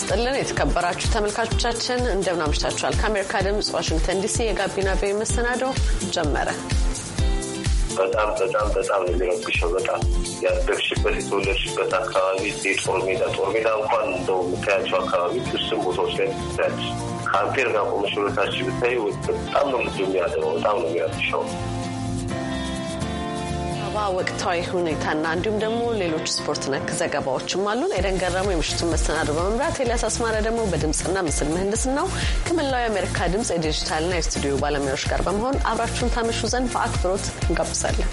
ስጥልን የተከበራችሁ ተመልካቾቻችን እንደምን አምሽታችኋል። ከአሜሪካ ድምፅ ዋሽንግተን ዲሲ የጋቢና ቤ መሰናዶ ጀመረ። በጣም በጣም በጣም የሚረብሸው። በጣም ያደግሽበት የተወለድሽበት አካባቢ ጦር ሜዳ ጦር ሜዳ እንኳን እንደው የምታያቸው አካባቢ ውስን ቦታዎች ላይ ትታያች ከአምፔር ጋር ቆመሽ ብታይ በጣም ነው ምድ የሚያደረው በጣም ነው የሚረብሸው። አበባ ወቅታዊ ሁኔታና እንዲሁም ደግሞ ሌሎች ስፖርት ነክ ዘገባዎችም አሉን። ኤደን ገረሙ የምሽቱን መሰናዶ በመምራት ኤልያስ አስማረ ደግሞ በድምፅና ምስል ነው ከመላው የአሜሪካ ድምፅ የዲጂታልና የስቱዲዮ ባለሙያዎች ጋር በመሆን አብራችሁን ታመሹ ዘንድ በአክብሮት እንጋብዛለን።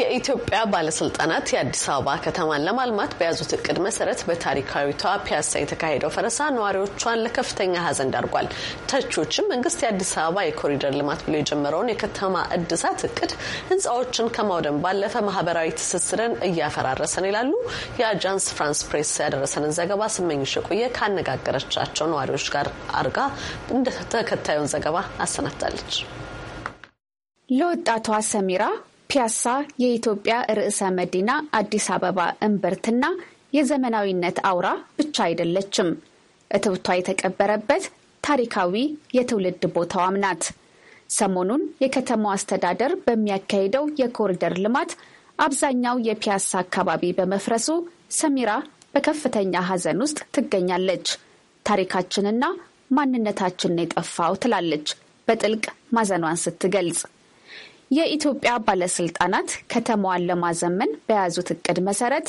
የኢትዮጵያ ባለስልጣናት የአዲስ አበባ ከተማን ለማልማት በያዙት እቅድ መሰረት በታሪካዊቷ ፒያሳ የተካሄደው ፈረሳ ነዋሪዎቿን ለከፍተኛ ሀዘን ዳርጓል። ተቾችም መንግስት የአዲስ አበባ የኮሪደር ልማት ብሎ የጀመረውን የከተማ እድሳት እቅድ ህንፃዎችን ከማውደም ባለፈ ማህበራዊ ትስስርን እያፈራረሰን ይላሉ። የአጃንስ ፍራንስ ፕሬስ ያደረሰንን ዘገባ ስመኝሽ የቆየ ካነጋገረቻቸው ነዋሪዎች ጋር አርጋ እንደተከታዩን ዘገባ አሰናድታለች። ለወጣቷ ሰሚራ ፒያሳ የኢትዮጵያ ርዕሰ መዲና አዲስ አበባ እምብርትና የዘመናዊነት አውራ ብቻ አይደለችም። እትብቷ የተቀበረበት ታሪካዊ የትውልድ ቦታዋም ናት። ሰሞኑን የከተማው አስተዳደር በሚያካሄደው የኮሪደር ልማት አብዛኛው የፒያሳ አካባቢ በመፍረሱ ሰሚራ በከፍተኛ ሐዘን ውስጥ ትገኛለች። ታሪካችንና ማንነታችንን የጠፋው ትላለች በጥልቅ ማዘኗን ስትገልጽ የኢትዮጵያ ባለስልጣናት ከተማዋን ለማዘመን በያዙት እቅድ መሰረት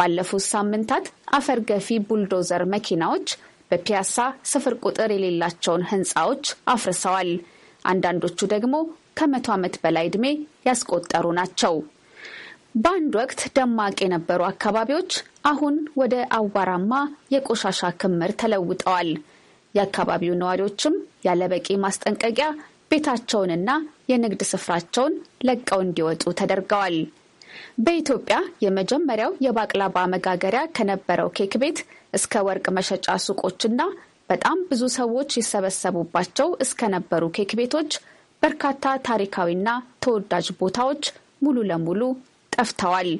ባለፉት ሳምንታት አፈር ገፊ ቡልዶዘር መኪናዎች በፒያሳ ስፍር ቁጥር የሌላቸውን ህንፃዎች አፍርሰዋል። አንዳንዶቹ ደግሞ ከመቶ ዓመት በላይ ዕድሜ ያስቆጠሩ ናቸው። በአንድ ወቅት ደማቅ የነበሩ አካባቢዎች አሁን ወደ አዋራማ የቆሻሻ ክምር ተለውጠዋል። የአካባቢው ነዋሪዎችም ያለበቂ ማስጠንቀቂያ ቤታቸውንና የንግድ ስፍራቸውን ለቀው እንዲወጡ ተደርገዋል። በኢትዮጵያ የመጀመሪያው የባቅላባ መጋገሪያ ከነበረው ኬክ ቤት እስከ ወርቅ መሸጫ ሱቆችና በጣም ብዙ ሰዎች ይሰበሰቡባቸው እስከነበሩ ኬክ ቤቶች በርካታ ታሪካዊና ተወዳጅ ቦታዎች ሙሉ ለሙሉ ጠፍተዋል።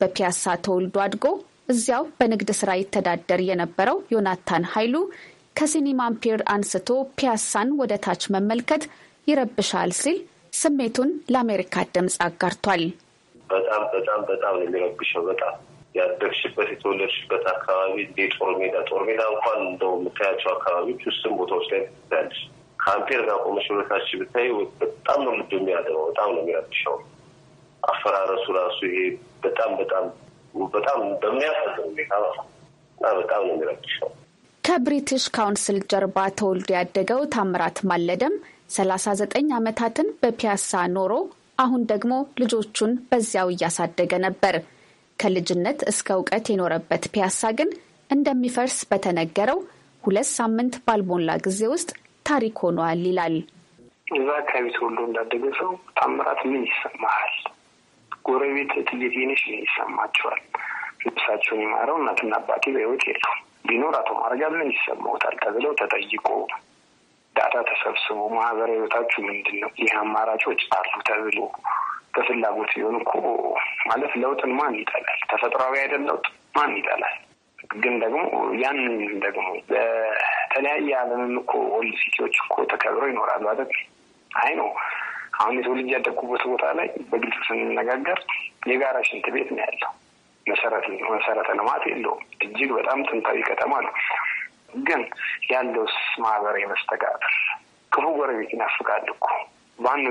በፒያሳ ተወልዶ አድጎ እዚያው በንግድ ስራ ይተዳደር የነበረው ዮናታን ኃይሉ ከሲኒማ አምፔር አንስቶ ፒያሳን ወደ ታች መመልከት ይረብሻል ሲል ስሜቱን ለአሜሪካ ድምፅ አጋርቷል። በጣም በጣም በጣም ነው የሚረብሸው። በጣም ያደግሽበት የተወለድሽበት አካባቢ እንደ ጦር ሜዳ ጦር ሜዳ እንኳን እንደው የምታያቸው አካባቢዎች ውስን ቦታዎች ላይ ትላለች። ከአንቴር ጋር ቆመሽ በታች ብታይ በጣም ነው ልብ የሚያደረው በጣም ነው የሚረብሸው። አፈራረሱ ራሱ ይሄ በጣም በጣም በጣም በሚያሳዝን ሁኔታ በጣም ነው የሚረብሸው። ከብሪቲሽ ካውንስል ጀርባ ተወልዶ ያደገው ታምራት ማለደም 39 ዓመታትን በፒያሳ ኖሮ አሁን ደግሞ ልጆቹን በዚያው እያሳደገ ነበር። ከልጅነት እስከ እውቀት የኖረበት ፒያሳ ግን እንደሚፈርስ በተነገረው ሁለት ሳምንት ባልሞላ ጊዜ ውስጥ ታሪክ ሆኗል ይላል። እዛ አካባቢ ተወልዶ እንዳደገ ሰው ታምራት ምን ይሰማሃል? ጎረቤት ነሽ ምን ይሰማቸዋል? ልብሳቸውን የማረው እናትና አባቴ በህይወት የሉም። ቢኖር አቶ ማረጋ ምን ይሰማውታል? ተብለው ተጠይቆ ዳታ ተሰብስቦ ማህበራዊ ህይወታችሁ ምንድን ነው? ይህ አማራጮች አሉ ተብሎ በፍላጎት ቢሆን እኮ ማለት ለውጥን ማን ይጠላል? ተፈጥሯዊ አይደል ለውጥ ማን ይጠላል? ግን ደግሞ ያንን ደግሞ በተለያየ ዓለምም እኮ ወልድ ሲቲዎች እኮ ተከብረው ይኖራሉ አይደል? አይ ነው አሁን የሰው ልጅ ያደጉበት ቦታ ላይ በግልጽ ስንነጋገር የጋራ ሽንት ቤት ነው ያለው። መሰረተ ልማት የለውም። እጅግ በጣም ጥንታዊ ከተማ ነው። ግን ያለውስ ማህበራዊ መስተጋብር ክፉ ጎረቤት ይናፍቃል እኮ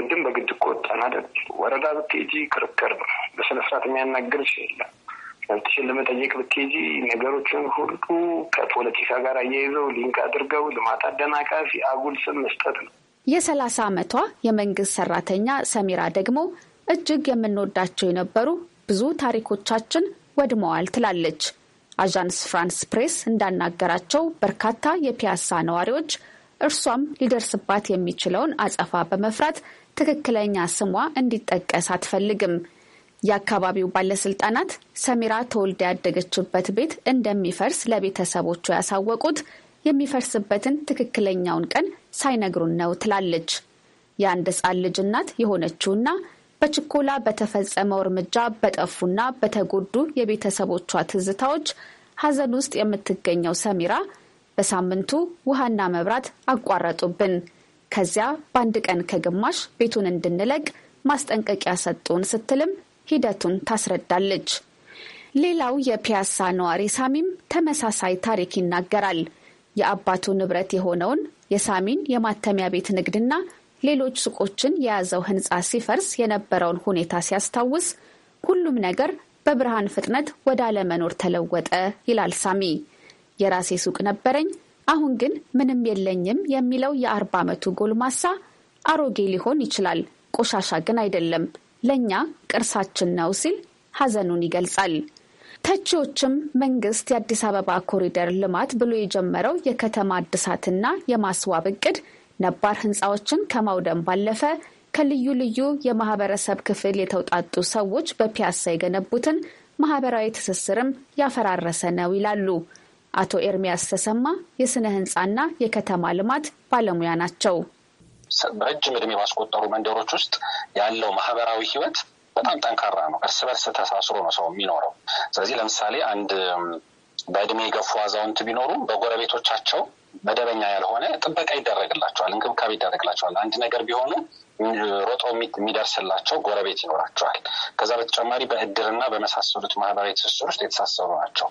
ድን በግድ እቆጣን አይደል? ወረዳ ብትሄጂ ክርክር ነው። በስነ ስርዓት የሚያናግርሽ የለም። መብትሽን ለመጠየቅ ብትሄጂ ነገሮችን ሁሉ ከፖለቲካ ጋር አያይዘው ሊንክ አድርገው ልማት አደናቃፊ አጉል ስም መስጠት ነው። የሰላሳ አመቷ የመንግስት ሰራተኛ ሰሚራ ደግሞ እጅግ የምንወዳቸው የነበሩ ብዙ ታሪኮቻችን ወድመዋል ትላለች። አዣንስ ፍራንስ ፕሬስ እንዳናገራቸው በርካታ የፒያሳ ነዋሪዎች እርሷም ሊደርስባት የሚችለውን አጸፋ በመፍራት ትክክለኛ ስሟ እንዲጠቀስ አትፈልግም። የአካባቢው ባለስልጣናት ሰሚራ ተወልዳ ያደገችበት ቤት እንደሚፈርስ ለቤተሰቦቹ ያሳወቁት የሚፈርስበትን ትክክለኛውን ቀን ሳይነግሩን ነው ትላለች። የአንድ ሕፃን ልጅ እናት የሆነችውና በችኮላ በተፈጸመው እርምጃ በጠፉና በተጎዱ የቤተሰቦቿ ትዝታዎች ሀዘን ውስጥ የምትገኘው ሰሚራ በሳምንቱ ውሃና መብራት አቋረጡብን። ከዚያ በአንድ ቀን ከግማሽ ቤቱን እንድንለቅ ማስጠንቀቂያ ሰጡን ስትልም ሂደቱን ታስረዳለች። ሌላው የፒያሳ ነዋሪ ሳሚም ተመሳሳይ ታሪክ ይናገራል። የአባቱ ንብረት የሆነውን የሳሚን የማተሚያ ቤት ንግድና ሌሎች ሱቆችን የያዘው ህንፃ ሲፈርስ የነበረውን ሁኔታ ሲያስታውስ ሁሉም ነገር በብርሃን ፍጥነት ወደ አለመኖር ተለወጠ ይላል ሳሚ። የራሴ ሱቅ ነበረኝ፣ አሁን ግን ምንም የለኝም የሚለው የአርባ ዓመቱ ጎልማሳ አሮጌ ሊሆን ይችላል፣ ቆሻሻ ግን አይደለም፣ ለእኛ ቅርሳችን ነው ሲል ሐዘኑን ይገልጻል። ተቺዎችም መንግስት የአዲስ አበባ ኮሪደር ልማት ብሎ የጀመረው የከተማ እድሳትና የማስዋብ እቅድ ነባር ህንፃዎችን ከማውደም ባለፈ ከልዩ ልዩ የማህበረሰብ ክፍል የተውጣጡ ሰዎች በፒያሳ የገነቡትን ማህበራዊ ትስስርም ያፈራረሰ ነው ይላሉ። አቶ ኤርሚያስ ተሰማ የስነ ህንፃና የከተማ ልማት ባለሙያ ናቸው። በረጅም ዕድሜ ባስቆጠሩ መንደሮች ውስጥ ያለው ማህበራዊ ህይወት በጣም ጠንካራ ነው። እርስ በርስ ተሳስሮ ነው ሰው የሚኖረው። ስለዚህ ለምሳሌ አንድ በእድሜ የገፉ አዛውንት ቢኖሩም በጎረቤቶቻቸው መደበኛ ያልሆነ ጥበቃ ይደረግላቸዋል፣ እንክብካቤ ይደረግላቸዋል። አንድ ነገር ቢሆኑ ሮጦ የሚደርስላቸው ጎረቤት ይኖራቸዋል። ከዛ በተጨማሪ በእድርና በመሳሰሉት ማህበራዊ ትስስር ውስጥ የተሳሰሩ ናቸው።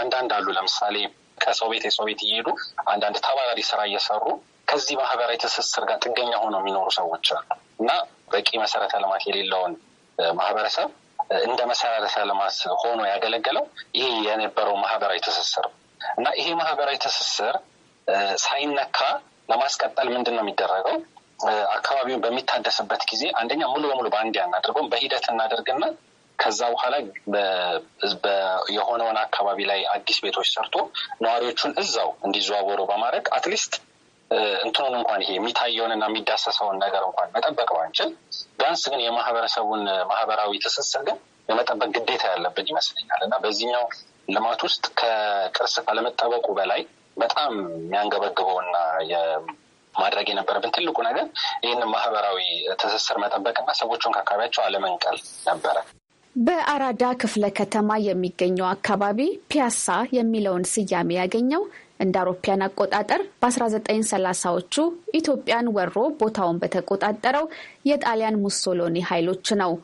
አንዳንድ አሉ ለምሳሌ ከሰው ቤት የሰው ቤት እየሄዱ አንዳንድ ተባራሪ ስራ እየሰሩ ከዚህ ማህበራዊ ትስስር ጋር ጥገኛ ሆነው የሚኖሩ ሰዎች አሉ እና በቂ መሰረተ ልማት የሌለውን ማህበረሰብ እንደ መሰረተ ልማት ሆኖ ያገለገለው ይህ የነበረው ማህበራዊ ትስስር እና ይሄ ማህበራዊ ትስስር ሳይነካ ለማስቀጠል ምንድን ነው የሚደረገው? አካባቢውን በሚታደስበት ጊዜ አንደኛ ሙሉ በሙሉ በአንድ አናደርገውም፣ በሂደት እናደርግና ከዛ በኋላ የሆነውን አካባቢ ላይ አዲስ ቤቶች ሰርቶ ነዋሪዎቹን እዛው እንዲዘዋወሩ በማድረግ አትሊስት እንትኑን እንኳን ይሄ የሚታየውንና የሚዳሰሰውን ነገር እንኳን መጠበቅ ባንችል፣ ቢያንስ ግን የማህበረሰቡን ማህበራዊ ትስስር ግን የመጠበቅ ግዴታ ያለብን ይመስለኛል እና በዚህኛው ልማት ውስጥ ከቅርስ ካለመጠበቁ በላይ በጣም የሚያንገበግበውና ማድረግ የነበረብን ትልቁ ነገር ይህንን ማህበራዊ ትስስር መጠበቅና ሰዎቹን ከአካባቢያቸው አለመንቀል ነበረ። በአራዳ ክፍለ ከተማ የሚገኘው አካባቢ ፒያሳ የሚለውን ስያሜ ያገኘው እንደ አውሮፓያን አቆጣጠር በ1930ዎቹ ኢትዮጵያን ወሮ ቦታውን በተቆጣጠረው የጣሊያን ሙሶሎኒ ኃይሎች ነው።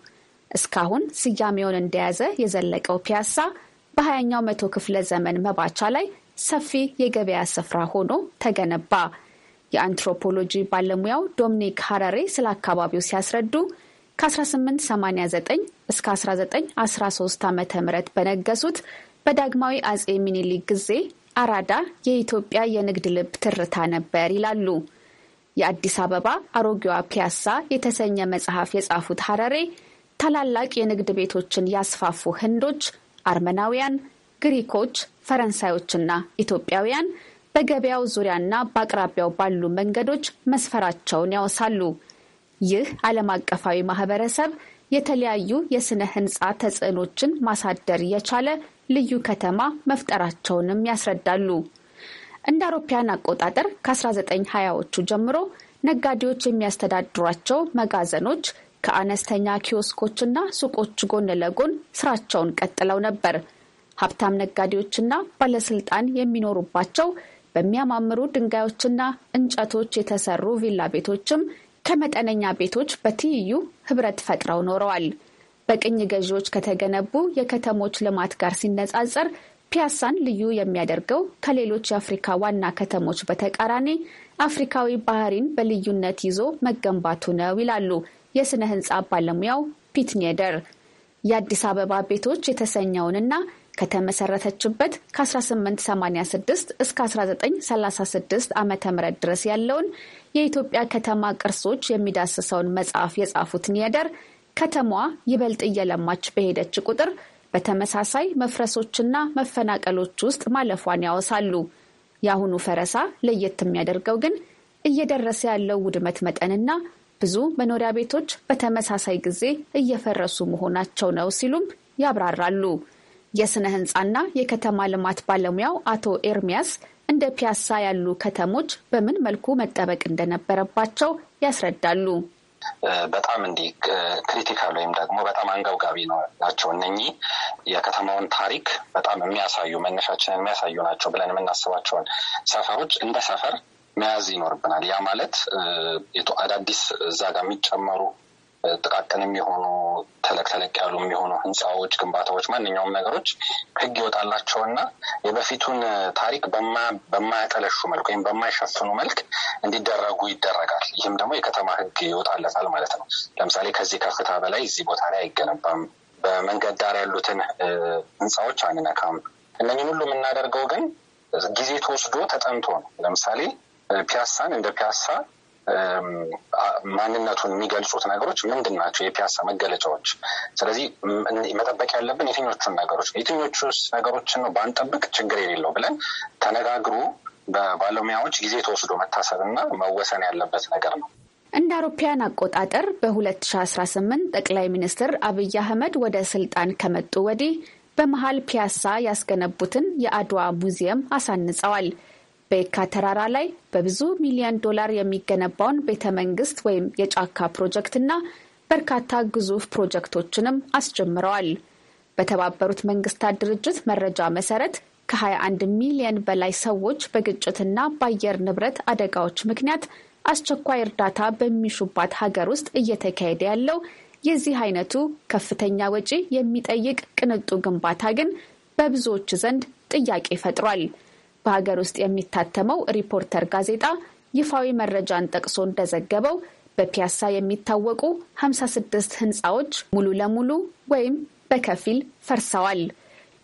እስካሁን ስያሜውን እንደያዘ የዘለቀው ፒያሳ በ20ኛው መቶ ክፍለ ዘመን መባቻ ላይ ሰፊ የገበያ ስፍራ ሆኖ ተገነባ። የአንትሮፖሎጂ ባለሙያው ዶሚኒክ ሀረሬ ስለ አካባቢው ሲያስረዱ ከ1889 እስከ 1913 ዓ ም በነገሱት በዳግማዊ አጼ ሚኒሊክ ጊዜ አራዳ የኢትዮጵያ የንግድ ልብ ትርታ ነበር ይላሉ። የአዲስ አበባ አሮጌዋ ፒያሳ የተሰኘ መጽሐፍ የጻፉት ሀረሬ ታላላቅ የንግድ ቤቶችን ያስፋፉ ህንዶች፣ አርመናውያን፣ ግሪኮች፣ ፈረንሳዮችና ኢትዮጵያውያን በገበያው ዙሪያና በአቅራቢያው ባሉ መንገዶች መስፈራቸውን ያወሳሉ። ይህ ዓለም አቀፋዊ ማህበረሰብ የተለያዩ የስነ ህንፃ ተጽዕኖችን ማሳደር የቻለ ልዩ ከተማ መፍጠራቸውንም ያስረዳሉ። እንደ አውሮፓያን አቆጣጠር ከ1920ዎቹ ጀምሮ ነጋዴዎች የሚያስተዳድሯቸው መጋዘኖች ከአነስተኛ ኪዮስኮችና ሱቆች ጎን ለጎን ስራቸውን ቀጥለው ነበር። ሀብታም ነጋዴዎችና ባለስልጣን የሚኖሩባቸው በሚያማምሩ ድንጋዮችና እንጨቶች የተሰሩ ቪላ ቤቶችም ከመጠነኛ ቤቶች በትይዩ ህብረት ፈጥረው ኖረዋል። በቅኝ ገዢዎች ከተገነቡ የከተሞች ልማት ጋር ሲነጻጸር ፒያሳን ልዩ የሚያደርገው ከሌሎች የአፍሪካ ዋና ከተሞች በተቃራኒ አፍሪካዊ ባህሪን በልዩነት ይዞ መገንባቱ ነው ይላሉ የስነ ህንፃ ባለሙያው ፒትኔደር። የአዲስ አበባ ቤቶች የተሰኘውንና ከተመሰረተችበት ከ1886 እስከ 1936 ዓ ም ድረስ ያለውን የኢትዮጵያ ከተማ ቅርሶች የሚዳስሰውን መጽሐፍ የጻፉት ኒያደር ከተማዋ ይበልጥ እየለማች በሄደች ቁጥር በተመሳሳይ መፍረሶችና መፈናቀሎች ውስጥ ማለፏን ያወሳሉ። የአሁኑ ፈረሳ ለየት የሚያደርገው ግን እየደረሰ ያለው ውድመት መጠንና ብዙ መኖሪያ ቤቶች በተመሳሳይ ጊዜ እየፈረሱ መሆናቸው ነው ሲሉም ያብራራሉ። የስነ ህንፃና የከተማ ልማት ባለሙያው አቶ ኤርሚያስ እንደ ፒያሳ ያሉ ከተሞች በምን መልኩ መጠበቅ እንደነበረባቸው ያስረዳሉ። በጣም እንዲህ ክሪቲካል ወይም ደግሞ በጣም አንገብጋቢ ናቸው። እነኚህ የከተማውን ታሪክ በጣም የሚያሳዩ መነሻችንን የሚያሳዩ ናቸው ብለን የምናስባቸውን ሰፈሮች እንደ ሰፈር መያዝ ይኖርብናል። ያ ማለት አዳዲስ እዛ ጋር የሚጨመሩ ጥቃቅን የሚሆኑ ተለቅ ተለቅ ያሉ የሚሆኑ ህንፃዎች፣ ግንባታዎች፣ ማንኛውም ነገሮች ህግ ይወጣላቸው እና የበፊቱን ታሪክ በማያጠለሹ መልክ ወይም በማይሸፍኑ መልክ እንዲደረጉ ይደረጋል። ይህም ደግሞ የከተማ ህግ ይወጣለታል ማለት ነው። ለምሳሌ ከዚህ ከፍታ በላይ እዚህ ቦታ ላይ አይገነባም፣ በመንገድ ዳር ያሉትን ህንፃዎች አንነካም። እነኝን ሁሉ የምናደርገው ግን ጊዜ ተወስዶ ተጠንቶ ነው። ለምሳሌ ፒያሳን እንደ ፒያሳ ማንነቱን የሚገልጹት ነገሮች ምንድን ናቸው? የፒያሳ መገለጫዎች። ስለዚህ መጠበቅ ያለብን የትኞቹን ነገሮች የትኞቹ ነገሮችን ነው ባንጠብቅ ችግር የሌለው ብለን ተነጋግሮ በባለሙያዎች ጊዜ ተወስዶ መታሰብና መወሰን ያለበት ነገር ነው። እንደ አውሮፓውያን አቆጣጠር በ2018 ጠቅላይ ሚኒስትር አብይ አህመድ ወደ ስልጣን ከመጡ ወዲህ በመሀል ፒያሳ ያስገነቡትን የአድዋ ሙዚየም አሳንጸዋል። በየካ ተራራ ላይ በብዙ ሚሊዮን ዶላር የሚገነባውን ቤተ መንግስት ወይም የጫካ ፕሮጀክትና በርካታ ግዙፍ ፕሮጀክቶችንም አስጀምረዋል። በተባበሩት መንግስታት ድርጅት መረጃ መሰረት ከ21 ሚሊዮን በላይ ሰዎች በግጭትና በአየር ንብረት አደጋዎች ምክንያት አስቸኳይ እርዳታ በሚሹባት ሀገር ውስጥ እየተካሄደ ያለው የዚህ አይነቱ ከፍተኛ ወጪ የሚጠይቅ ቅንጡ ግንባታ ግን በብዙዎች ዘንድ ጥያቄ ፈጥሯል። በሀገር ውስጥ የሚታተመው ሪፖርተር ጋዜጣ ይፋዊ መረጃን ጠቅሶ እንደዘገበው በፒያሳ የሚታወቁ 56 ህንፃዎች ሙሉ ለሙሉ ወይም በከፊል ፈርሰዋል።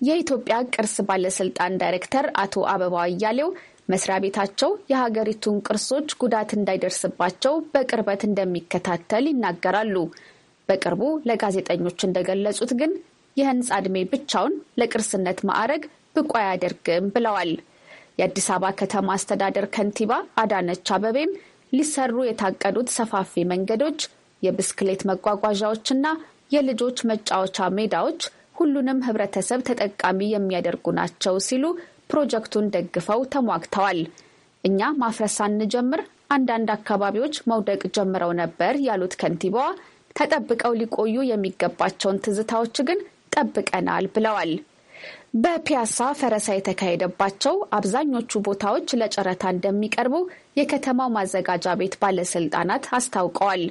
የኢትዮጵያ ቅርስ ባለስልጣን ዳይሬክተር አቶ አበባው አያሌው መስሪያ ቤታቸው የሀገሪቱን ቅርሶች ጉዳት እንዳይደርስባቸው በቅርበት እንደሚከታተል ይናገራሉ። በቅርቡ ለጋዜጠኞች እንደገለጹት ግን የህንፃ ዕድሜ ብቻውን ለቅርስነት ማዕረግ ብቁ አያደርግም ብለዋል። የአዲስ አበባ ከተማ አስተዳደር ከንቲባ አዳነች አበቤም ሊሰሩ የታቀዱት ሰፋፊ መንገዶች፣ የብስክሌት መጓጓዣዎችና የልጆች መጫወቻ ሜዳዎች ሁሉንም ህብረተሰብ ተጠቃሚ የሚያደርጉ ናቸው ሲሉ ፕሮጀክቱን ደግፈው ተሟግተዋል። እኛ ማፍረስ ሳንጀምር አንዳንድ አካባቢዎች መውደቅ ጀምረው ነበር ያሉት ከንቲባዋ ተጠብቀው ሊቆዩ የሚገባቸውን ትዝታዎች ግን ጠብቀናል ብለዋል። በፒያሳ ፈረሳ የተካሄደባቸው አብዛኞቹ ቦታዎች ለጨረታ እንደሚቀርቡ የከተማው ማዘጋጃ ቤት ባለስልጣናት አስታውቀዋል።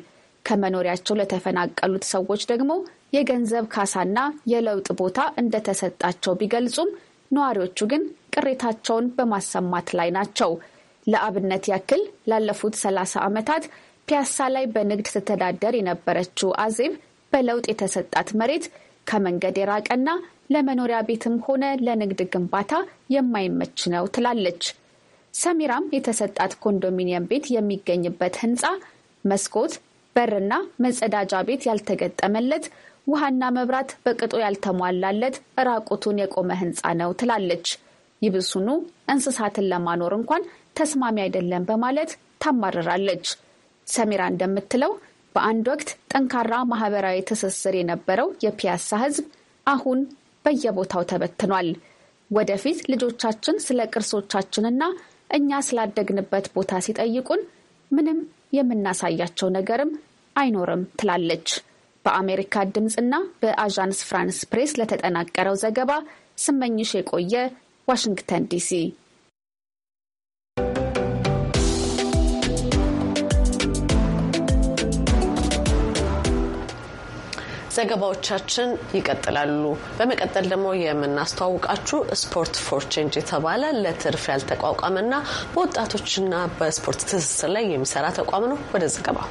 ከመኖሪያቸው ለተፈናቀሉት ሰዎች ደግሞ የገንዘብ ካሳና የለውጥ ቦታ እንደተሰጣቸው ቢገልጹም ነዋሪዎቹ ግን ቅሬታቸውን በማሰማት ላይ ናቸው። ለአብነት ያክል ላለፉት ሰላሳ ዓመታት ፒያሳ ላይ በንግድ ስተዳደር የነበረችው አዜብ በለውጥ የተሰጣት መሬት ከመንገድ የራቀና ለመኖሪያ ቤትም ሆነ ለንግድ ግንባታ የማይመች ነው ትላለች። ሰሚራም የተሰጣት ኮንዶሚኒየም ቤት የሚገኝበት ህንፃ መስኮት፣ በርና መጸዳጃ ቤት ያልተገጠመለት፣ ውሃና መብራት በቅጡ ያልተሟላለት ራቁቱን የቆመ ህንፃ ነው ትላለች። ይብሱኑ እንስሳትን ለማኖር እንኳን ተስማሚ አይደለም በማለት ታማርራለች። ሰሚራ እንደምትለው በአንድ ወቅት ጠንካራ ማህበራዊ ትስስር የነበረው የፒያሳ ህዝብ አሁን በየቦታው ተበትኗል። ወደፊት ልጆቻችን ስለ ቅርሶቻችንና እኛ ስላደግንበት ቦታ ሲጠይቁን ምንም የምናሳያቸው ነገርም አይኖርም ትላለች። በአሜሪካ ድምፅና በአዣንስ ፍራንስ ፕሬስ ለተጠናቀረው ዘገባ ስመኝሽ የቆየ ዋሽንግተን ዲሲ ዘገባዎቻችን ይቀጥላሉ። በመቀጠል ደግሞ የምናስተዋውቃችሁ ስፖርት ፎር ቼንጅ የተባለ ለትርፍ ያልተቋቋመና በወጣቶችና በስፖርት ትስስር ላይ የሚሰራ ተቋም ነው። ወደ ዘገባው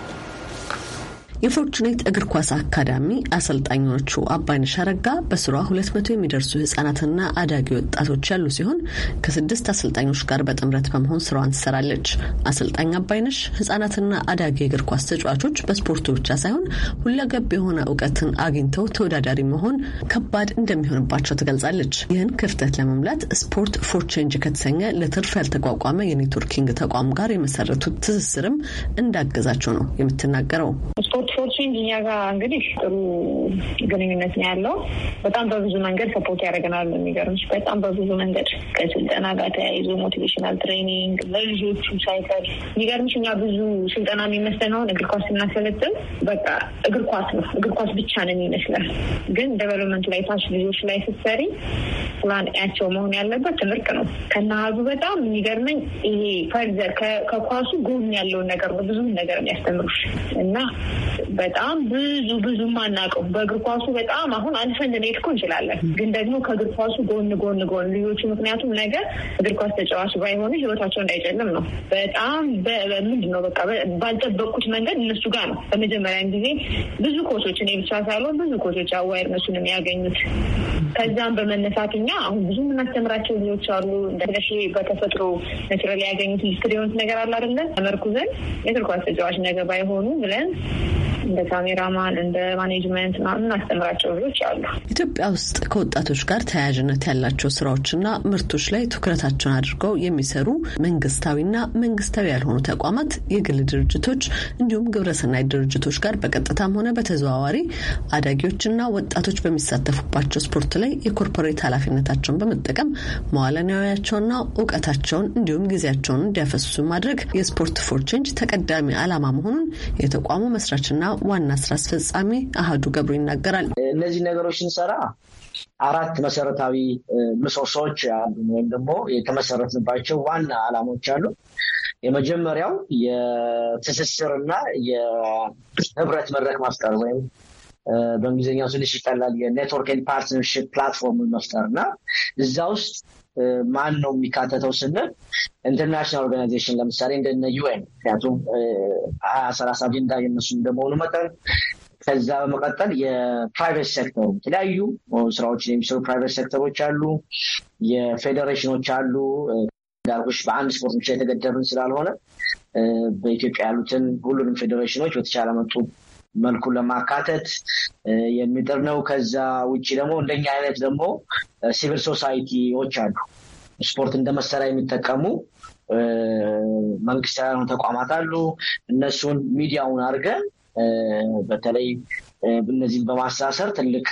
የፎርቹኔት እግር ኳስ አካዳሚ አሰልጣኞቹ አባይነሽ አረጋ በስሯ ሁለት መቶ የሚደርሱ ህጻናትና አዳጊ ወጣቶች ያሉ ሲሆን ከስድስት አሰልጣኞች ጋር በጥምረት በመሆን ስራዋን ትሰራለች። አሰልጣኝ አባይነሽ ህጻናትና አዳጊ እግር ኳስ ተጫዋቾች በስፖርቱ ብቻ ሳይሆን ሁለገብ የሆነ እውቀትን አግኝተው ተወዳዳሪ መሆን ከባድ እንደሚሆንባቸው ትገልጻለች። ይህን ክፍተት ለመሙላት ስፖርት ፎር ቼንጅ ከተሰኘ ለትርፍ ያልተቋቋመ የኔትወርኪንግ ተቋም ጋር የመሰረቱት ትስስርም እንዳገዛቸው ነው የምትናገረው። ስፖርት ፎርቼንጅ እኛ ጋር እንግዲህ ጥሩ ግንኙነት ነው ያለው። በጣም በብዙ መንገድ ሰፖርት ያደርገናል። የሚገርምሽ በጣም በብዙ መንገድ ከስልጠና ጋር ተያይዞ ሞቲቬሽናል ትሬኒንግ ለልጆቹ ሳይቀር የሚገርምሽ እኛ ብዙ ስልጠና የሚመስለን እግር ኳስ ስናሰለጥን በቃ እግር ኳስ ነው እግር ኳስ ብቻ ነው ይመስላል። ግን ዴቨሎፕመንት ላይ ታች ልጆች ላይ ስትሰሪ ፕላን ያቸው መሆን ያለበት ትምህርት ነው። ከናሀዙ በጣም የሚገርመኝ ይሄ ፈርዘር ከኳሱ ጎን ያለውን ነገር ነው ብዙም ነገር የሚያስተምሩሽ እና በጣም ብዙ ብዙ ማናቀው በእግር ኳሱ በጣም አሁን አልፈን ልሄድኮ እንችላለን፣ ግን ደግሞ ከእግር ኳሱ ጎን ጎን ጎን ልጆቹ ምክንያቱም ነገር እግር ኳስ ተጫዋች ባይሆኑ ህይወታቸው እንዳይጨልም ነው። በጣም ምንድን ነው በቃ ባልጠበቅኩት መንገድ እነሱ ጋር ነው በመጀመሪያን ጊዜ ብዙ ኮሶች እኔ ብቻ ሳልሆን ብዙ ኮሶች አዋይር እነሱን የሚያገኙት ከዛም በመነሳት እኛ አሁን ብዙ የምናስተምራቸው ልጆች አሉ። እንደነሽ በተፈጥሮ ነትረ ያገኙት ኢንዱስትሪ የሆኑት ነገር አለ አይደለም ተመርኩዘን የእግር ኳስ ተጫዋች ነገር ባይሆኑ ብለን እንደ ካሜራማን እንደ ማኔጅመንት አስተምራቸው ልጆች አሉ። ኢትዮጵያ ውስጥ ከወጣቶች ጋር ተያያዥነት ያላቸው ስራዎችና ምርቶች ላይ ትኩረታቸውን አድርገው የሚሰሩ መንግስታዊና መንግስታዊ ያልሆኑ ተቋማት፣ የግል ድርጅቶች እንዲሁም ግብረሰናይ ድርጅቶች ጋር በቀጥታም ሆነ በተዘዋዋሪ አዳጊዎችና ወጣቶች በሚሳተፉባቸው ስፖርት ላይ የኮርፖሬት ኃላፊነታቸውን በመጠቀም መዋለ ንዋያቸውንና እውቀታቸውን እንዲሁም ጊዜያቸውን እንዲያፈሱ ማድረግ የስፖርት ፎር ቼንጅ ተቀዳሚ ዓላማ መሆኑን የተቋሙ መስራችና ዋና ስራ አስፈጻሚ አህዱ ገብሩ ይናገራል። እነዚህ ነገሮች ስንሰራ አራት መሰረታዊ ምሰሶዎች አሉ፣ ወይም ደግሞ የተመሰረትንባቸው ዋና አላማዎች አሉ። የመጀመሪያው የትስስርና የህብረት መድረክ መፍጠር ወይም በእንግሊዝኛው ትንሽ ይጠላል የኔትወርክ ፓርትነርሽፕ ፕላትፎርም መፍጠር እና እዛ ውስጥ ማን ነው የሚካተተው ስንል ኢንተርናሽናል ኦርጋናይዜሽን ለምሳሌ እንደነ ዩኤን ምክንያቱም ሀያ ሰላሳ አጀንዳ የነሱ እንደመሆኑ መጠን ከዛ በመቀጠል የፕራይቬት ሴክተሩ የተለያዩ ስራዎችን የሚሰሩ ፕራይቬት ሴክተሮች አሉ፣ የፌዴሬሽኖች አሉ። ዳርጎች በአንድ ስፖርት ብቻ የተገደብን ስላልሆነ በኢትዮጵያ ያሉትን ሁሉንም ፌዴሬሽኖች በተቻለ መጡ መልኩ ለማካተት የሚጥር ነው። ከዛ ውጭ ደግሞ እንደኛ አይነት ደግሞ ሲቪል ሶሳይቲዎች አሉ። ስፖርት እንደ መሳሪያ የሚጠቀሙ መንግስታዊ ያልሆኑ ተቋማት አሉ። እነሱን ሚዲያውን አድርገን በተለይ እነዚህን በማሳሰር ትልቅ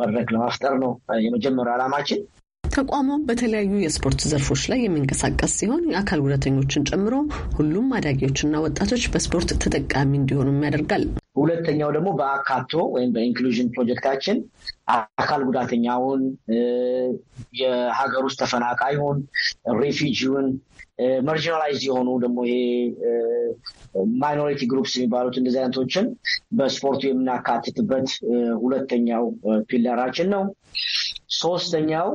መድረክ ለመፍጠር ነው የመጀመሪያ ዓላማችን። ተቋሙ በተለያዩ የስፖርት ዘርፎች ላይ የሚንቀሳቀስ ሲሆን የአካል ጉዳተኞችን ጨምሮ ሁሉም አዳጊዎችና ወጣቶች በስፖርት ተጠቃሚ እንዲሆኑም ያደርጋል። ሁለተኛው ደግሞ በአካቶ ወይም በኢንክሉዥን ፕሮጀክታችን አካል ጉዳተኛውን፣ የሀገር ውስጥ ተፈናቃዩን፣ ሬፊጂውን፣ መርጂናላይዝ የሆኑ ደግሞ ይሄ ማይኖሪቲ ግሩፕስ የሚባሉት እንደዚህ አይነቶችን በስፖርቱ የምናካትትበት ሁለተኛው ፒለራችን ነው። ሶስተኛው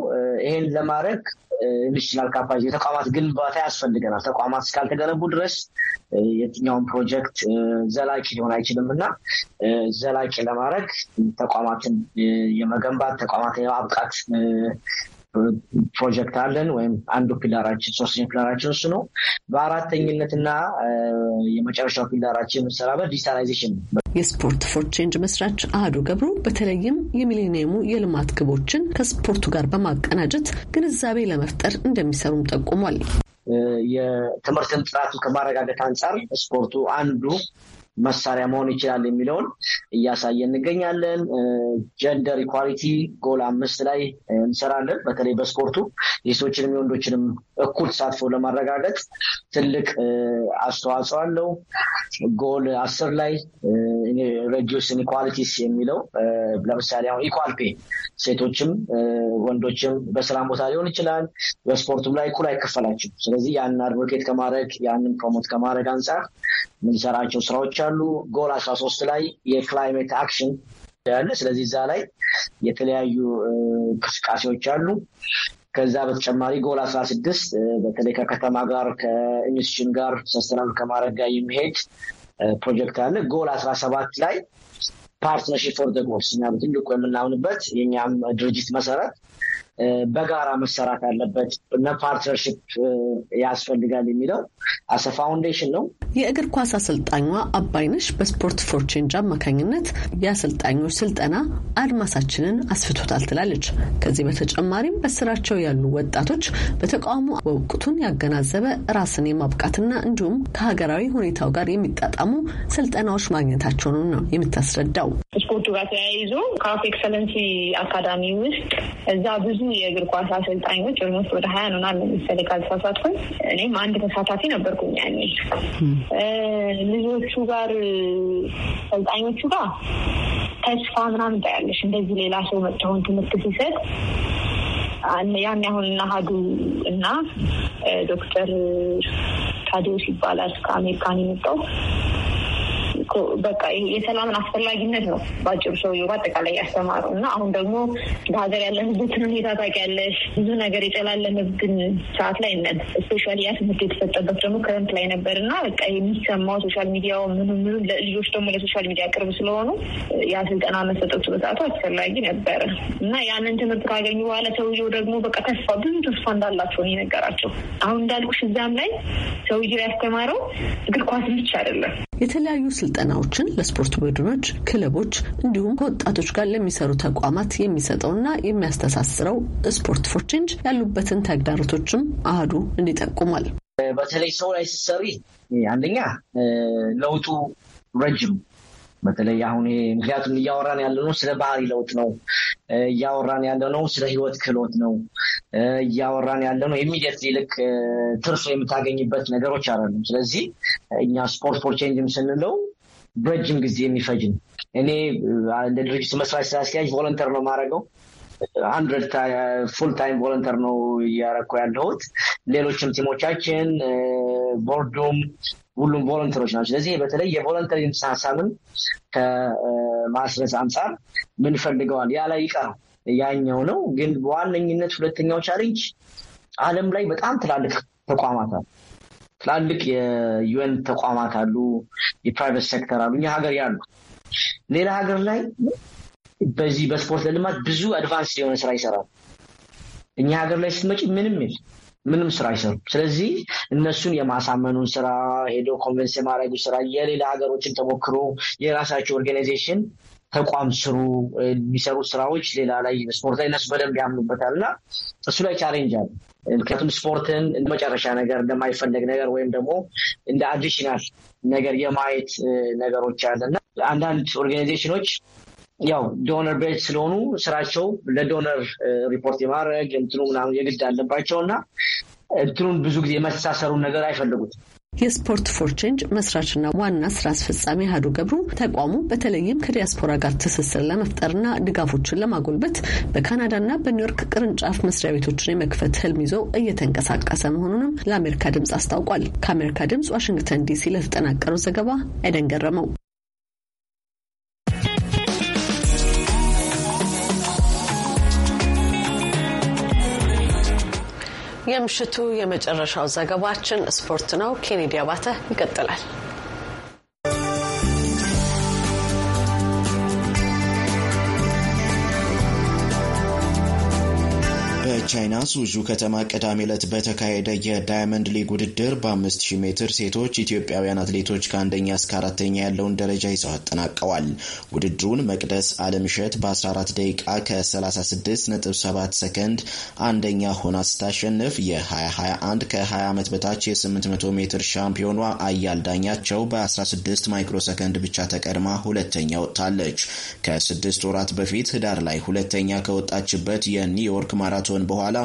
ይሄን ለማድረግ ኢንዱስትሪያል ካፓሲቲ የተቋማት ግንባታ ያስፈልገናል። ተቋማት እስካልተገነቡ ድረስ የትኛውን ፕሮጀክት ዘላቂ ሊሆን አይችልም እና ዘላቂ ለማድረግ ተቋማትን የመገንባት ተቋማትን የማብቃት ፕሮጀክት አለን ወይም አንዱ ፒላራችን ሶስተኛ ፒላራችን እሱ ነው። በአራተኝነትና የመጨረሻው ፒላራችን የምንሰራበት ዲጂታላይዜሽን የስፖርት ፎር ቼንጅ መስራች አህዱ ገብሩ በተለይም የሚሊኒየሙ የልማት ግቦችን ከስፖርቱ ጋር በማቀናጀት ግንዛቤ ለመፍጠር እንደሚሰሩም ጠቁሟል። የትምህርትን ጥራቱ ከማረጋገጥ አንጻር ስፖርቱ አንዱ መሳሪያ መሆን ይችላል የሚለውን እያሳየ እንገኛለን። ጀንደር ኢኳሊቲ ጎል አምስት ላይ እንሰራለን። በተለይ በስፖርቱ የሴቶችንም የወንዶችንም እኩል ተሳትፎ ለማረጋገጥ ትልቅ አስተዋጽኦ አለው። ጎል አስር ላይ ሬዲዩስ ኢኳሊቲስ የሚለው ለምሳሌ አሁን ኢኳል ፔ ሴቶችም ወንዶችም በስራ ቦታ ሊሆን ይችላል፣ በስፖርቱም ላይ እኩል አይከፈላቸው። ስለዚህ ያንን አድቮኬት ከማድረግ ያንን ፕሮሞት ከማድረግ አንጻር የምንሰራቸው ስራዎች አሉ። ጎል አስራ ሶስት ላይ የክላይሜት አክሽን ያለ ስለዚህ እዛ ላይ የተለያዩ እንቅስቃሴዎች አሉ። ከዛ በተጨማሪ ጎል አስራ ስድስት በተለይ ከከተማ ጋር ከኢንስቲትዩሽን ጋር ሰስተናል ከማድረግ ጋር የሚሄድ ፕሮጀክት አለ። ጎል አስራ ሰባት ላይ ፓርትነርሺፕ ፎር ደ ጎልስ የምናምንበት የኛም ድርጅት መሰረት በጋራ መሰራት አለበት እና ፓርትነርሽፕ ያስፈልጋል የሚለው አሰ ፋውንዴሽን ነው። የእግር ኳስ አሰልጣኟ አባይነሽ በስፖርት ፎር ቼንጅ አማካኝነት የአሰልጣኞች ስልጠና አድማሳችንን አስፍቶታል ትላለች። ከዚህ በተጨማሪም በስራቸው ያሉ ወጣቶች በተቃውሞ ወቅቱን ያገናዘበ ራስን የማብቃትና እንዲሁም ከሀገራዊ ሁኔታው ጋር የሚጣጣሙ ስልጠናዎች ማግኘታቸውን ነው የምታስረዳው። ስፖርቱ ጋር ተያይዞ ካፍ ኤክሰለንሲ አካዳሚ ውስጥ እዛ ብዙ ብዙ የእግር ኳስ አሰልጣኞች ኦልሞስት ወደ ሀያ ሆናል መሰለኝ ካልተሳሳትኩኝ። እኔም አንድ ተሳታፊ ነበርኩኝ። ያኔ ልጆቹ ጋር አሰልጣኞቹ ጋር ተስፋ ምናምን ታያለሽ እንደዚህ ሌላ ሰው መጥተውን ትምህርት ሲሰጥ ያን ያሁን ናሀዱ እና ዶክተር ታዲዮስ ይባላል ከአሜሪካን የመጣው በቃ የሰላምን አስፈላጊነት ነው በአጭሩ ሰውዬው በአጠቃላይ ያስተማሩ እና አሁን ደግሞ በሀገር ያለንበትን ሁኔታ ታውቂያለሽ። ብዙ ነገር የጨላለንብን ሰዓት ላይ ነን። ስፔሻሊ ያ ትምህርት የተሰጠበት ደግሞ ክረምት ላይ ነበር እና በቃ የሚሰማው ሶሻል ሚዲያው ምኑ ምኑ፣ ልጆች ደግሞ ለሶሻል ሚዲያ ቅርብ ስለሆኑ ያ ስልጠና መሰጠቱ በሰዓቱ አስፈላጊ ነበረ እና ያንን ትምህርት ካገኙ በኋላ ሰውየው ደግሞ በቃ ተስፋ ብዙ ተስፋ እንዳላቸው ነው የነገራቸው። አሁን እንዳልኩሽ እዛም ላይ ሰውየው ያስተማረው እግር ኳስ ብቻ አይደለም የተለያዩ ስልጠናዎችን ለስፖርት ቡድኖች፣ ክለቦች እንዲሁም ከወጣቶች ጋር ለሚሰሩ ተቋማት የሚሰጠውና የሚያስተሳስረው ስፖርት ፎር ቼንጅ ያሉበትን ተግዳሮቶችም አህዱ እንዲጠቁሟል። በተለይ ሰው ላይ ስትሰሪ አንደኛ ለውጡ ረጅም በተለይ አሁን ምክንያቱም እያወራን ያለ ነው ስለ ባህሪ ለውጥ ነው፣ እያወራን ያለ ነው ስለ ህይወት ክህሎት ነው፣ እያወራን ያለ ነው ኢሚዲየትሊ ይልቅ ትርፍ የምታገኝበት ነገሮች አይደሉም። ስለዚህ እኛ ስፖርት ፎር ቼንጅም ስንለው በረጅም ጊዜ የሚፈጅ ነው። እኔ እንደ ድርጅቱ መስራች ስራ አስኪያጅ ቮለንተር ነው የማደርገው አንድ ፉል ታይም ቮለንተር ነው እያረኩ ያለሁት። ሌሎችም ቲሞቻችን ቦርዱም ሁሉም ቮለንተሮች ናቸው። ስለዚህ በተለይ የቮለንተሪ ሀሳብን ከማስረጽ አንጻር ምን ፈልገዋል ያ ላይ ይቀር ያኛው ነው። ግን በዋነኝነት ሁለተኛው ቻሌንጅ ዓለም ላይ በጣም ትላልቅ ተቋማት አሉ። ትላልቅ የዩኤን ተቋማት አሉ፣ የፕራይቬት ሴክተር አሉ፣ እኛ ሀገር ያሉ ሌላ ሀገር ላይ በዚህ በስፖርት ለልማት ብዙ አድቫንስ የሆነ ስራ ይሰራል። እኛ ሀገር ላይ ስትመጪ ምንም የለም። ምንም ስራ አይሰሩም። ስለዚህ እነሱን የማሳመኑን ስራ ሄዶ ኮንቨንስ የማድረጉ ስራ የሌላ ሀገሮችን ተሞክሮ የራሳቸው ኦርጋናይዜሽን ተቋም ስሩ የሚሰሩ ስራዎች ሌላ ላይ ስፖርት ላይ እነሱ በደንብ ያምኑበታል እና እሱ ላይ ቻሌንጅ አለ። ምክንያቱም ስፖርትን መጨረሻ ነገር እንደማይፈለግ ነገር ወይም ደግሞ እንደ አዲሽናል ነገር የማየት ነገሮች አለ እና አንዳንድ ኦርጋናይዜሽኖች ያው ዶነር ቤት ስለሆኑ ስራቸው ለዶነር ሪፖርት የማድረግ እንትኑ ምናምን የግድ አለባቸው እና እንትኑን ብዙ ጊዜ የመተሳሰሩን ነገር አይፈልጉት። የስፖርት ፎር ቼንጅ መስራችና ዋና ስራ አስፈጻሚ አህዱ ገብሩ ተቋሙ በተለይም ከዲያስፖራ ጋር ትስስር ለመፍጠርና ድጋፎችን ለማጎልበት በካናዳና በኒውዮርክ ቅርንጫፍ መስሪያ ቤቶችን የመክፈት ህልም ይዞ እየተንቀሳቀሰ መሆኑንም ለአሜሪካ ድምፅ አስታውቋል። ከአሜሪካ ድምፅ ዋሽንግተን ዲሲ ለተጠናቀረው ዘገባ አይደን ገረመው። የምሽቱ የመጨረሻው ዘገባችን ስፖርት ነው። ኬኔዲ አባተ ይቀጥላል። በቻይና ሱዙ ከተማ ቅዳሜ ዕለት በተካሄደ የዳይመንድ ሊግ ውድድር በ5000 ሜትር ሴቶች ኢትዮጵያውያን አትሌቶች ከአንደኛ እስከ አራተኛ ያለውን ደረጃ ይዘው አጠናቀዋል። ውድድሩን መቅደስ አለምሸት በ14 ደቂቃ ከ36.7 ሰከንድ አንደኛ ሆና ስታሸንፍ የ2021 ከ20 ዓመት በታች የ800 ሜትር ሻምፒዮኗ አያል ዳኛቸው በ16 ማይክሮ ሰከንድ ብቻ ተቀድማ ሁለተኛ ወጥታለች። ከስድስት ወራት በፊት ህዳር ላይ ሁለተኛ ከወጣችበት የኒውዮርክ ማራቶን በኋላ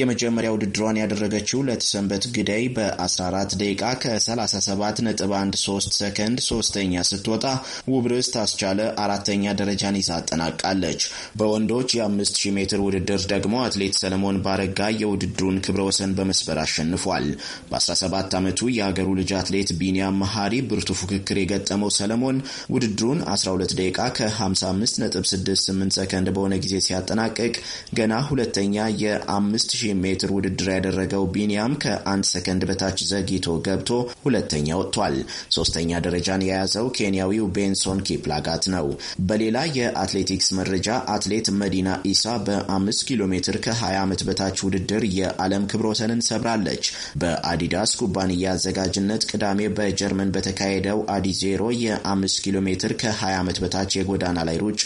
የመጀመሪያ ውድድሯን ያደረገችው ለተሰንበት ግዳይ በ14 ደቂቃ ከ 1 3 ሰከንድ ሶስተኛ ስትወጣ ውብርስ ታስቻለ አራተኛ ደረጃን ይዛ አጠናቃለች። በወንዶች የ5000 ሜትር ውድድር ደግሞ አትሌት ሰለሞን ባረጋ የውድድሩን ክብረ ወሰን በመስበር አሸንፏል። በ17 ዓመቱ የአገሩ ልጅ አትሌት ቢኒያም መሐሪ ብርቱ ፉክክር የገጠመው ሰለሞን ውድድሩን 12 ደቂቃ ከ55.68 ሰከንድ በሆነ ጊዜ ሲያጠናቅቅ ገና ሁለተኛ የ የ5000 ሜትር ውድድር ያደረገው ቢኒያም ከአንድ ሰከንድ በታች ዘግይቶ ገብቶ ሁለተኛ ወጥቷል። ሶስተኛ ደረጃን የያዘው ኬንያዊው ቤንሶን ኪፕላጋት ነው። በሌላ የአትሌቲክስ መረጃ አትሌት መዲና ኢሳ በ5 ኪሎ ሜትር ከ20 ዓመት በታች ውድድር የዓለም ክብረ ወሰንን ሰብራለች። በአዲዳስ ኩባንያ አዘጋጅነት ቅዳሜ በጀርመን በተካሄደው አዲዜሮ የ5 ኪሎ ሜትር ከ20 ዓመት በታች የጎዳና ላይ ሩጫ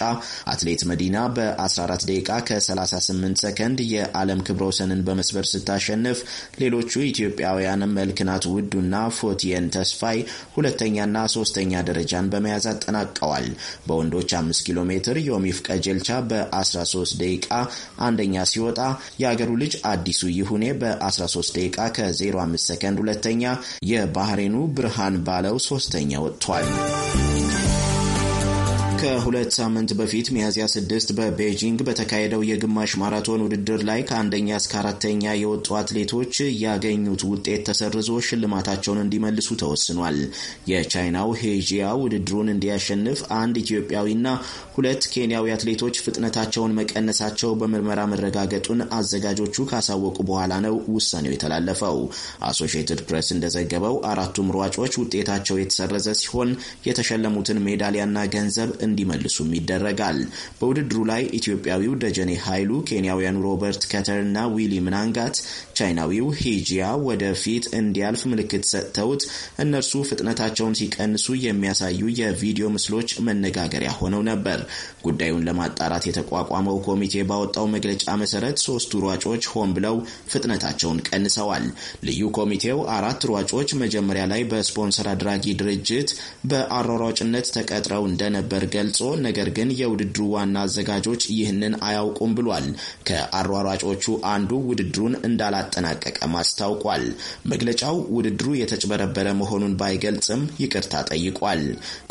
አትሌት መዲና በ14 ደቂቃ ከ38 ሰከንድ ዓለም ክብረ ወሰንን በመስበር ስታሸንፍ ሌሎቹ ኢትዮጵያውያንም መልክናት ውዱና ፎቲየን ተስፋይ ሁለተኛና ሶስተኛ ደረጃን በመያዝ አጠናቀዋል። በወንዶች አምስት ኪሎ ሜትር ዮሚፍ ቀጀልቻ በ13 ደቂቃ አንደኛ ሲወጣ የአገሩ ልጅ አዲሱ ይሁኔ በ13 ደቂቃ ከ05 ሰከንድ ሁለተኛ፣ የባህሬኑ ብርሃን ባለው ሶስተኛ ወጥቷል። ከሁለት ሳምንት በፊት ሚያዝያ ስድስት በቤጂንግ በተካሄደው የግማሽ ማራቶን ውድድር ላይ ከአንደኛ እስከ አራተኛ የወጡ አትሌቶች ያገኙት ውጤት ተሰርዞ ሽልማታቸውን እንዲመልሱ ተወስኗል። የቻይናው ሄጂያ ውድድሩን እንዲያሸንፍ አንድ ኢትዮጵያዊና ሁለት ኬንያዊ አትሌቶች ፍጥነታቸውን መቀነሳቸው በምርመራ መረጋገጡን አዘጋጆቹ ካሳወቁ በኋላ ነው ውሳኔው የተላለፈው። አሶሺየትድ ፕሬስ እንደዘገበው አራቱም ሯጮች ውጤታቸው የተሰረዘ ሲሆን የተሸለሙትን ሜዳሊያና ገንዘብ እንዲመልሱም ይደረጋል። በውድድሩ ላይ ኢትዮጵያዊው ደጀኔ ኃይሉ፣ ኬንያውያኑ ሮበርት እና ዊሊ ምናንጋት ቻይናዊው ሂጂያ ወደፊት እንዲያልፍ ምልክት ሰጥተውት እነርሱ ፍጥነታቸውን ሲቀንሱ የሚያሳዩ የቪዲዮ ምስሎች መነጋገሪያ ሆነው ነበር። ጉዳዩን ለማጣራት የተቋቋመው ኮሚቴ ባወጣው መግለጫ መሰረት ሶስቱ ሯጮች ሆን ብለው ፍጥነታቸውን ቀንሰዋል። ልዩ ኮሚቴው አራት ሯጮች መጀመሪያ ላይ በስፖንሰር አድራጊ ድርጅት በአሯሯጭነት ተቀጥረው እንደነበር ገልጾ ነገር ግን የውድድሩ ዋና አዘጋጆች ይህንን አያውቁም ብሏል። ከአሯሯጮቹ አንዱ ውድድሩን እንዳላጠናቀቀም አስታውቋል። መግለጫው ውድድሩ የተጭበረበረ መሆኑን ባይገልጽም ይቅርታ ጠይቋል።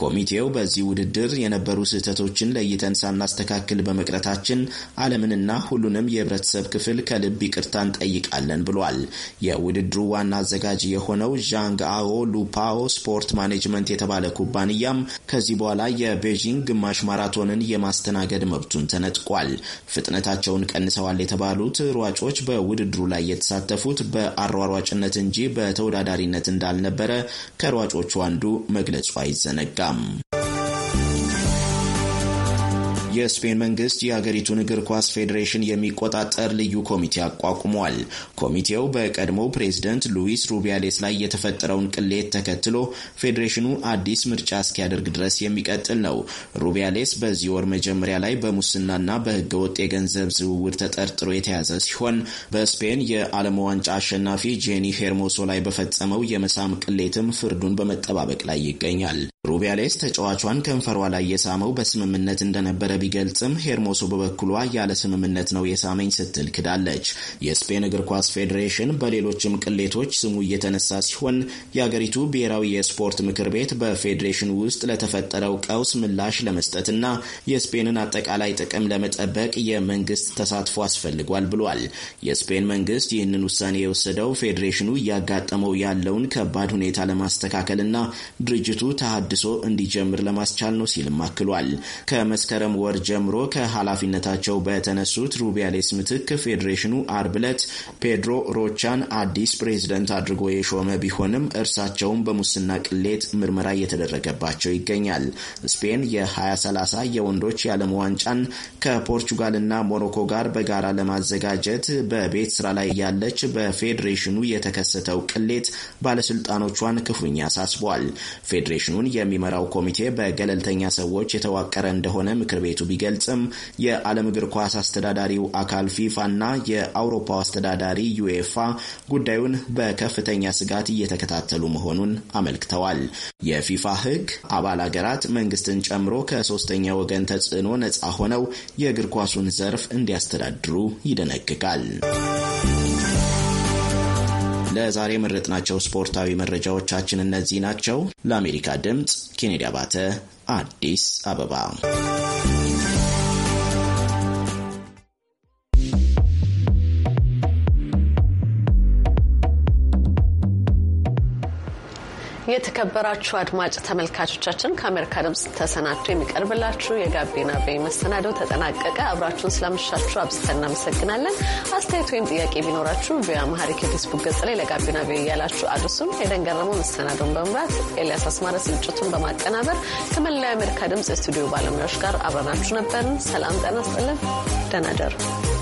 ኮሚቴው በዚህ ውድድር የነበሩ ስህተቶችን ችግሮችን ለይተን ሳናስተካክል በመቅረታችን ዓለምንና ሁሉንም የህብረተሰብ ክፍል ከልብ ይቅርታ እንጠይቃለን ብሏል። የውድድሩ ዋና አዘጋጅ የሆነው ዣንግ አዎ ሉፓዎ ስፖርት ማኔጅመንት የተባለ ኩባንያም ከዚህ በኋላ የቤዥንግ ግማሽ ማራቶንን የማስተናገድ መብቱን ተነጥቋል። ፍጥነታቸውን ቀንሰዋል የተባሉት ሯጮች በውድድሩ ላይ የተሳተፉት በአሯሯጭነት እንጂ በተወዳዳሪነት እንዳልነበረ ከሯጮቹ አንዱ መግለጹ አይዘነጋም። የስፔን መንግስት የሀገሪቱን እግር ኳስ ፌዴሬሽን የሚቆጣጠር ልዩ ኮሚቴ አቋቁሟል። ኮሚቴው በቀድሞ ፕሬዝደንት ሉዊስ ሩቢያሌስ ላይ የተፈጠረውን ቅሌት ተከትሎ ፌዴሬሽኑ አዲስ ምርጫ እስኪያደርግ ድረስ የሚቀጥል ነው። ሩቢያሌስ በዚህ ወር መጀመሪያ ላይ በሙስናና በህገወጥ የገንዘብ ዝውውር ተጠርጥሮ የተያዘ ሲሆን በስፔን የዓለም ዋንጫ አሸናፊ ጄኒ ሄርሞሶ ላይ በፈጸመው የመሳም ቅሌትም ፍርዱን በመጠባበቅ ላይ ይገኛል። ሩቢያሌስ ተጫዋቿን ከንፈሯ ላይ የሳመው በስምምነት እንደነበረ ቢገልጽም ሄርሞሶ በበኩሏ ያለ ስምምነት ነው የሳመኝ ስትል ክዳለች። የስፔን እግር ኳስ ፌዴሬሽን በሌሎችም ቅሌቶች ስሙ እየተነሳ ሲሆን የአገሪቱ ብሔራዊ የስፖርት ምክር ቤት በፌዴሬሽን ውስጥ ለተፈጠረው ቀውስ ምላሽ ለመስጠትና የስፔንን አጠቃላይ ጥቅም ለመጠበቅ የመንግስት ተሳትፎ አስፈልጓል ብሏል። የስፔን መንግስት ይህንን ውሳኔ የወሰደው ፌዴሬሽኑ እያጋጠመው ያለውን ከባድ ሁኔታ ለማስተካከልና ድርጅቱ ተሃድ ተሃድሶ እንዲጀምር ለማስቻል ነው ሲልም አክሏል። ከመስከረም ወር ጀምሮ ከኃላፊነታቸው በተነሱት ሩቢያሌስ ምትክ ፌዴሬሽኑ አርብ ዕለት ፔድሮ ሮቻን አዲስ ፕሬዝደንት አድርጎ የሾመ ቢሆንም እርሳቸውም በሙስና ቅሌት ምርመራ እየተደረገባቸው ይገኛል። ስፔን የ2030 የወንዶች የዓለም ዋንጫን ከፖርቹጋልና ሞሮኮ ጋር በጋራ ለማዘጋጀት በቤት ስራ ላይ ያለች በፌዴሬሽኑ የተከሰተው ቅሌት ባለስልጣኖቿን ክፉኛ አሳስቧል። ፌዴሬሽኑን የ የሚመራው ኮሚቴ በገለልተኛ ሰዎች የተዋቀረ እንደሆነ ምክር ቤቱ ቢገልጽም የዓለም እግር ኳስ አስተዳዳሪው አካል ፊፋና የአውሮፓው አስተዳዳሪ ዩኤፋ ጉዳዩን በከፍተኛ ስጋት እየተከታተሉ መሆኑን አመልክተዋል። የፊፋ ሕግ አባል አገራት መንግስትን ጨምሮ ከሶስተኛ ወገን ተጽዕኖ ነጻ ሆነው የእግር ኳሱን ዘርፍ እንዲያስተዳድሩ ይደነግጋል። ለዛሬ የመረጥናቸው ስፖርታዊ መረጃዎቻችን እነዚህ ናቸው። ለአሜሪካ ድምፅ ኬኔዲ አባተ አዲስ አበባ የተከበራችሁ አድማጭ ተመልካቾቻችን ከአሜሪካ ድምፅ ተሰናድቶ የሚቀርብላችሁ የጋቢና ቤ መሰናደው ተጠናቀቀ። አብራችሁን ስላመሻችሁ አብዝተን እናመሰግናለን። አስተያየት ወይም ጥያቄ ቢኖራችሁ በአማሪክ ፌስቡክ ገጽ ላይ ለጋቢና ቤ እያላችሁ አድርሱን። የደንገረመው መሰናደውን በመምራት ኤልያስ አስማረ ስርጭቱን በማቀናበር ከመላው የአሜሪካ ድምፅ የስቱዲዮ ባለሙያዎች ጋር አብረናችሁ ነበርን። ሰላም ጠና ስጥልን ደናደሩ